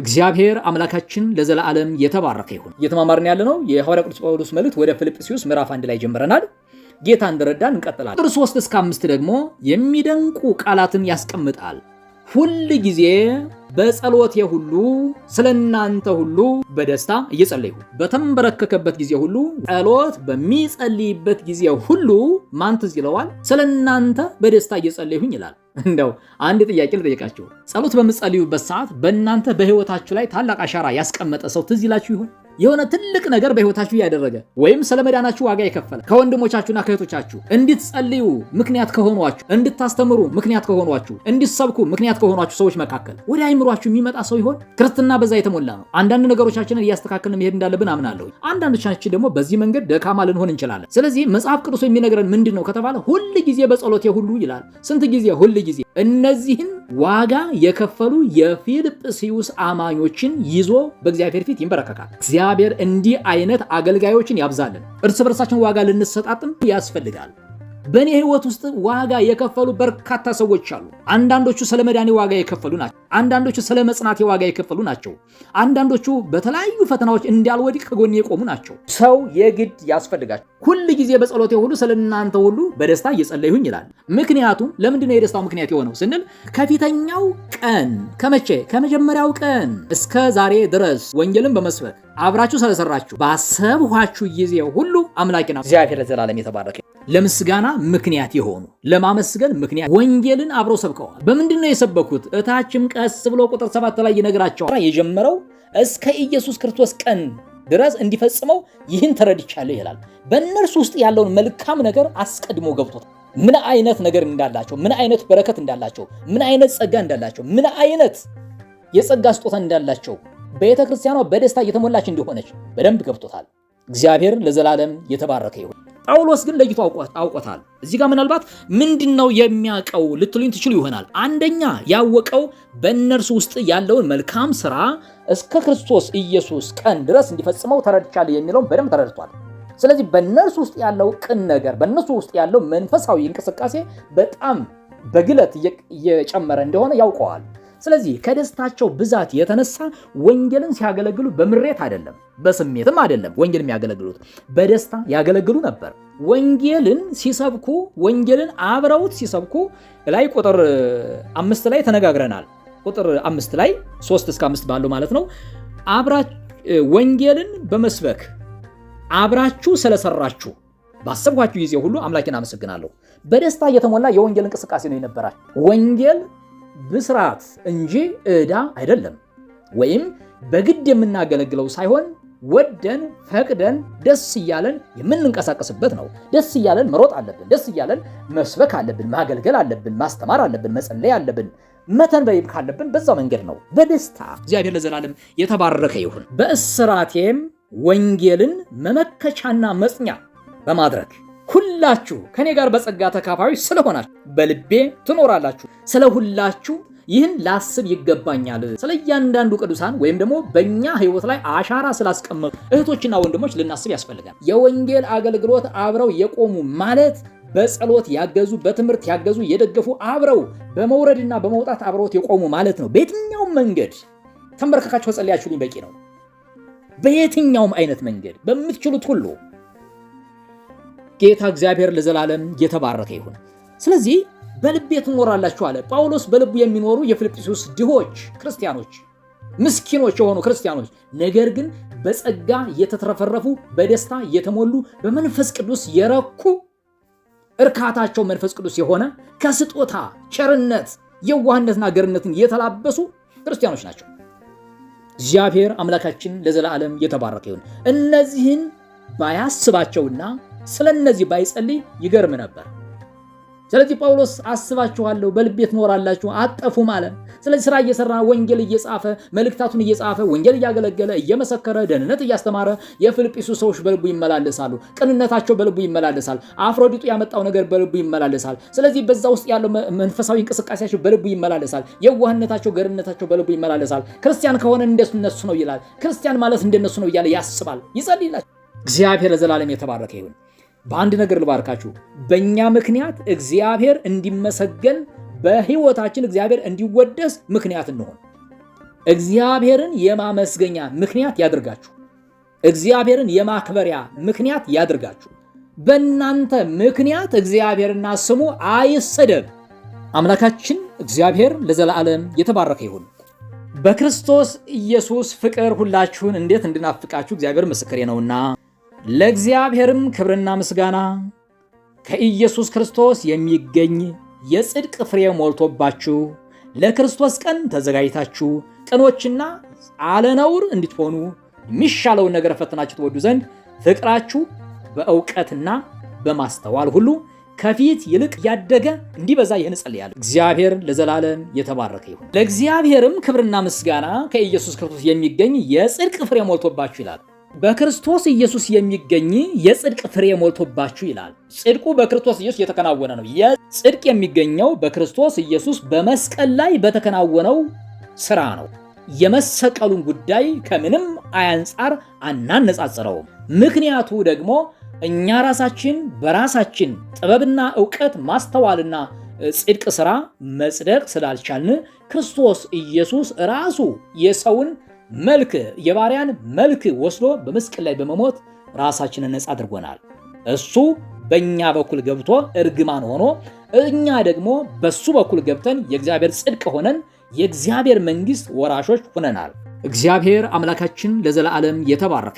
እግዚአብሔር አምላካችን ለዘላለም የተባረከ ይሁን። እየተማማርን ያለ ነው የሐዋርያ ቅዱስ ጳውሎስ መልእክት ወደ ፊልጵስዩስ ምዕራፍ አንድ ላይ ጀምረናል። ጌታ እንደረዳን እንቀጥላለን። ቁጥር 3 እስከ 5 ደግሞ የሚደንቁ ቃላትን ያስቀምጣል። ሁል ጊዜ በጸሎቴ ሁሉ ስለ እናንተ ሁሉ በደስታ እየጸለይሁ በተንበረከከበት ጊዜ ሁሉ ጸሎት በሚጸልይበት ጊዜ ሁሉ ማን ትዝ ይለዋል? ስለ እናንተ በደስታ እየጸለይሁኝ ይላል። እንደው አንድ ጥያቄ ልጠይቃችሁ። ጸሎት በምጸልዩበት ሰዓት በእናንተ በህይወታችሁ ላይ ታላቅ አሻራ ያስቀመጠ ሰው ትዝ ይላችሁ ይሆን? የሆነ ትልቅ ነገር በህይወታችሁ እያደረገ ወይም ስለመዳናችሁ ዋጋ የከፈለ ከወንድሞቻችሁና ከእህቶቻችሁ እንድትጸልዩ ምክንያት ከሆኗችሁ፣ እንድታስተምሩ ምክንያት ከሆኗችሁ፣ እንዲሰብኩ ምክንያት ከሆኗችሁ ሰዎች መካከል ወደ አይምሯችሁ የሚመጣ ሰው ይሆን? ክርስትና በዛ የተሞላ ነው። አንዳንድ ነገሮቻችንን እያስተካከልን መሄድ እንዳለብን አምናለሁ። አንዳንዶቻችን ደግሞ በዚህ መንገድ ደካማ ልንሆን እንችላለን። ስለዚህ መጽሐፍ ቅዱሱ የሚነግረን ምንድን ነው ከተባለ ሁል ጊዜ በጸሎቴ ሁሉ ይላል። ስንት ጊዜ? ሁል ጊዜ እነዚህን ዋጋ የከፈሉ የፊልጵስዩስ አማኞችን ይዞ በእግዚአብሔር ፊት ይንበረከካል። እግዚአብሔር እንዲህ አይነት አገልጋዮችን ያብዛልን። እርስ በርሳችን ዋጋ ልንሰጣጥም ያስፈልጋል። በእኔ ህይወት ውስጥ ዋጋ የከፈሉ በርካታ ሰዎች አሉ። አንዳንዶቹ ስለ መዳኔ ዋጋ የከፈሉ ናቸው። አንዳንዶቹ ስለ መጽናት የዋጋ የከፈሉ ናቸው። አንዳንዶቹ በተለያዩ ፈተናዎች እንዳልወድቅ ከጎን የቆሙ ናቸው። ሰው የግድ ያስፈልጋቸው። ሁል ጊዜ በጸሎቴ ሁሉ ስለ እናንተ ሁሉ በደስታ እየጸለይሁኝ ይላል። ምክንያቱም ነው የደስታው ምክንያት የሆነው ስንል ከፊተኛው ቀን ከመቼ ከመጀመሪያው ቀን እስከ ዛሬ ድረስ ወንጌልን በመስበክ አብራችሁ ስለሰራችሁ ባሰብኋችሁ ጊዜ ሁሉ አምላኬና እግዚአብሔር ለዘላለም የተባረከ ለምስጋና ምክንያት የሆኑ ለማመስገን ምክንያት ወንጌልን አብረው ሰብከዋል። በምንድን ነው የሰበኩት? እታችም ቀስ ብሎ ቁጥር ሰባት ላይ ይነግራቸዋል። የጀመረው እስከ ኢየሱስ ክርስቶስ ቀን ድረስ እንዲፈጽመው ይህን ተረድቻለሁ ይላል። በእነርሱ ውስጥ ያለውን መልካም ነገር አስቀድሞ ገብቶታል። ምን አይነት ነገር እንዳላቸው፣ ምን አይነት በረከት እንዳላቸው፣ ምን አይነት ጸጋ እንዳላቸው፣ ምን አይነት የጸጋ ስጦታ እንዳላቸው፣ ቤተ ክርስቲያኗ በደስታ እየተሞላች እንደሆነች በደንብ ገብቶታል። እግዚአብሔር ለዘላለም የተባረከ ይሁን። ጳውሎስ ግን ለይቶ አውቆታል። እዚህ ጋር ምናልባት ምንድን ነው የሚያውቀው ልትሉኝ ትችሉ ይሆናል። አንደኛ ያወቀው በእነርሱ ውስጥ ያለውን መልካም ስራ እስከ ክርስቶስ ኢየሱስ ቀን ድረስ እንዲፈጽመው ተረድቻለሁ የሚለውን በደንብ ተረድቷል። ስለዚህ በእነርሱ ውስጥ ያለው ቅን ነገር፣ በእነርሱ ውስጥ ያለው መንፈሳዊ እንቅስቃሴ በጣም በግለት እየጨመረ እንደሆነ ያውቀዋል። ስለዚህ ከደስታቸው ብዛት የተነሳ ወንጌልን ሲያገለግሉ በምሬት አይደለም፣ በስሜትም አይደለም። ወንጌል የሚያገለግሉት በደስታ ያገለግሉ ነበር። ወንጌልን ሲሰብኩ ወንጌልን አብረውት ሲሰብኩ ላይ ቁጥር አምስት ላይ ተነጋግረናል። ቁጥር አምስት ላይ ሶስት እስከ አምስት ባለው ማለት ነው አብራ ወንጌልን በመስበክ አብራችሁ ስለሰራችሁ ባሰብኳችሁ ጊዜ ሁሉ አምላኬን አመሰግናለሁ። በደስታ እየተሞላ የወንጌል እንቅስቃሴ ነው የነበራችሁ። ወንጌል ብስራት እንጂ ዕዳ አይደለም። ወይም በግድ የምናገለግለው ሳይሆን ወደን ፈቅደን ደስ እያለን የምንንቀሳቀስበት ነው። ደስ እያለን መሮጥ አለብን። ደስ እያለን መስበክ አለብን። ማገልገል አለብን። ማስተማር አለብን። መጸለይ አለብን። መተንበይም ካለብን በዛው መንገድ ነው። በደስታ እግዚአብሔር ለዘላለም የተባረከ ይሁን። በእስራቴም ወንጌልን መመከቻና መጽኛ በማድረግ ሁላችሁ ከኔ ጋር በጸጋ ተካፋዩ ስለሆናችሁ በልቤ ትኖራላችሁ። ስለ ሁላችሁ ይህን ላስብ ይገባኛል። ስለ እያንዳንዱ ቅዱሳን ወይም ደግሞ በእኛ ሕይወት ላይ አሻራ ስላስቀመጡ እህቶችና ወንድሞች ልናስብ ያስፈልጋል። የወንጌል አገልግሎት አብረው የቆሙ ማለት በጸሎት ያገዙ፣ በትምህርት ያገዙ፣ የደገፉ አብረው በመውረድና በመውጣት አብረውት የቆሙ ማለት ነው። በየትኛውም መንገድ ተንበርክካችሁ ጸልያችሁልኝ በቂ ነው። በየትኛውም አይነት መንገድ በምትችሉት ሁሉ ጌታ እግዚአብሔር ለዘላለም የተባረከ ይሁን። ስለዚህ በልቤ ትኖራላችሁ አለ። ጳውሎስ በልቡ የሚኖሩ የፊልጵስዩስ ድሆች ክርስቲያኖች፣ ምስኪኖች የሆኑ ክርስቲያኖች ነገር ግን በጸጋ የተትረፈረፉ በደስታ የተሞሉ በመንፈስ ቅዱስ የረኩ እርካታቸው መንፈስ ቅዱስ የሆነ ከስጦታ ቸርነት፣ የዋህነትና ገርነትን የተላበሱ ክርስቲያኖች ናቸው። እግዚአብሔር አምላካችን ለዘላለም የተባረከ ይሁን። እነዚህን ባያስባቸውና ስለነዚህ ባይጸልይ ይገርም ነበር። ስለዚህ ጳውሎስ አስባችኋለሁ፣ በልቤት ኖራላችሁ፣ አጠፉም አለ። ስለዚህ ስራ እየሰራ ወንጌል እየጻፈ መልእክታቱን እየጻፈ ወንጌል እያገለገለ እየመሰከረ ደህንነት እያስተማረ የፊልጵሱ ሰዎች በልቡ ይመላለሳሉ። ቅንነታቸው በልቡ ይመላለሳል። አፍሮዲጡ ያመጣው ነገር በልቡ ይመላለሳል። ስለዚህ በዛ ውስጥ ያለው መንፈሳዊ እንቅስቃሴያቸው በልቡ ይመላለሳል። የዋህነታቸው፣ ገርነታቸው በልቡ ይመላለሳል። ክርስቲያን ከሆነ እንደነሱ ነው ይላል። ክርስቲያን ማለት እንደነሱ ነው እያለ ያስባል፣ ይጸልይላቸው። እግዚአብሔር ለዘላለም የተባረከ ይሁን። በአንድ ነገር ልባርካችሁ። በእኛ ምክንያት እግዚአብሔር እንዲመሰገን፣ በህይወታችን እግዚአብሔር እንዲወደስ ምክንያት እንሆን። እግዚአብሔርን የማመስገኛ ምክንያት ያድርጋችሁ። እግዚአብሔርን የማክበሪያ ምክንያት ያድርጋችሁ። በእናንተ ምክንያት እግዚአብሔርና ስሙ አይሰደብ። አምላካችን እግዚአብሔር ለዘላለም የተባረከ ይሁን። በክርስቶስ ኢየሱስ ፍቅር ሁላችሁን እንዴት እንድናፍቃችሁ እግዚአብሔር ምስክሬ ነውና ለእግዚአብሔርም ክብርና ምስጋና ከኢየሱስ ክርስቶስ የሚገኝ የጽድቅ ፍሬ ሞልቶባችሁ ለክርስቶስ ቀን ተዘጋጅታችሁ ቅኖችና አለነውር እንድትሆኑ የሚሻለውን ነገር ፈትናችሁ ትወዱ ዘንድ ፍቅራችሁ በእውቀትና በማስተዋል ሁሉ ከፊት ይልቅ ያደገ እንዲበዛ ይህን እጸልያለሁ። እግዚአብሔር ለዘላለም የተባረከ ይሁን። ለእግዚአብሔርም ክብርና ምስጋና ከኢየሱስ ክርስቶስ የሚገኝ የጽድቅ ፍሬ ሞልቶባችሁ ይላል። በክርስቶስ ኢየሱስ የሚገኝ የጽድቅ ፍሬ ሞልቶባችሁ ይላል። ጽድቁ በክርስቶስ ኢየሱስ የተከናወነ ነው። የጽድቅ የሚገኘው በክርስቶስ ኢየሱስ በመስቀል ላይ በተከናወነው ስራ ነው። የመሰቀሉን ጉዳይ ከምንም አንጻር አናነጻጽረውም። ምክንያቱ ደግሞ እኛ ራሳችን በራሳችን ጥበብና እውቀት ማስተዋልና ጽድቅ ስራ መጽደቅ ስላልቻልን ክርስቶስ ኢየሱስ ራሱ የሰውን መልክ የባሪያን መልክ ወስዶ በመስቀል ላይ በመሞት ራሳችንን ነፃ አድርጎናል። እሱ በእኛ በኩል ገብቶ እርግማን ሆኖ እኛ ደግሞ በሱ በኩል ገብተን የእግዚአብሔር ጽድቅ ሆነን የእግዚአብሔር መንግሥት ወራሾች ሆነናል። እግዚአብሔር አምላካችን ለዘላለም የተባረከ